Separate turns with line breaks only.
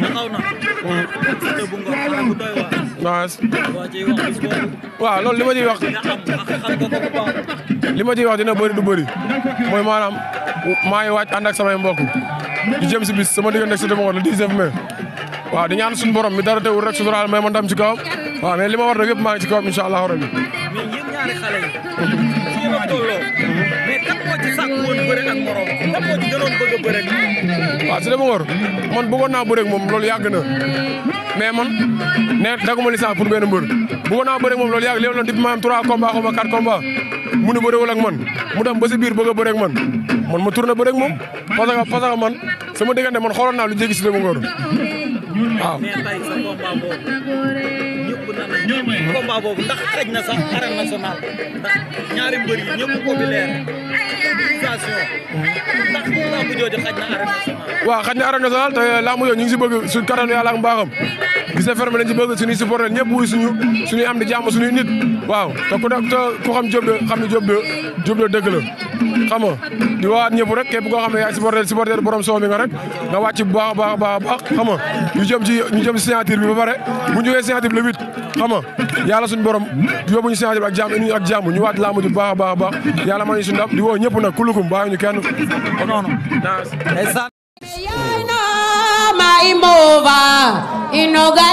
taxaw na. Siteu bu waa ciy wax bis boobu. li ma ciy wax. li ma ciy wax dina bëri du bëri mooy maanaam maa ngi waaj ànd ak samay mbokk di jëm si bis sama diggante ak si bu Ngor le 19 mai. waaw di ñaan suñu borom mi dara teewul rek suturaal may ma ci kawam waaw mais li ma war rek ci kawam incha allahu rabi. mais yéen ñaari xale yi. fii la tolloo. mais kan moo ci sàkk woon bëre ak morom kan moo ci gënoon bëgg a bëre waaw Siteu bu Ngor man bëggoon naa bëreeg moom loolu yàgg na mais man ne daguma licence pour benn mbër bëggoon naa bëreeg moom loolu yàgg léegi loolu depuis ma am 3 combats xaw ma 4 mu ne bëreewul ak man mu dem ba si biir bëgg a bëreeg man man ma tourné bëreeg moom parce que parce que man sama diggante man xooloon naa lu jéggi Siteu bu Ngor waaw. combat boobu ndax xarej na sax arène nationale mobilisation ndax lamb jooju xaj na arène nationale waaw xaj na arène ñu ngi si bëgg su kattanu yàlla ak mbaaxam lycée fermé lañ ci bëgg suñuy supporter ñëpp wuy suñu suñuy am di jàmm suñuy nit waaw te ku te ku xam Diop de xam ne Diop de Diop de di waat ñëpp rek képp koo xam yaay supporter supporter borom soow mi rek nga wàcc baax a baax a baax xam ñu jëm ci ñu bi ba pare bu ñu jógee signature bi le huit xam nga yàlla suñu borom yóbbu ñu signature bi ak jàmm indi ak jàmm ñu waat laamu ji bu baax a baax a baax ma ñu suñu ndam di woo ñëpp nag kulukum bàyyi ñu kenn noonu Innova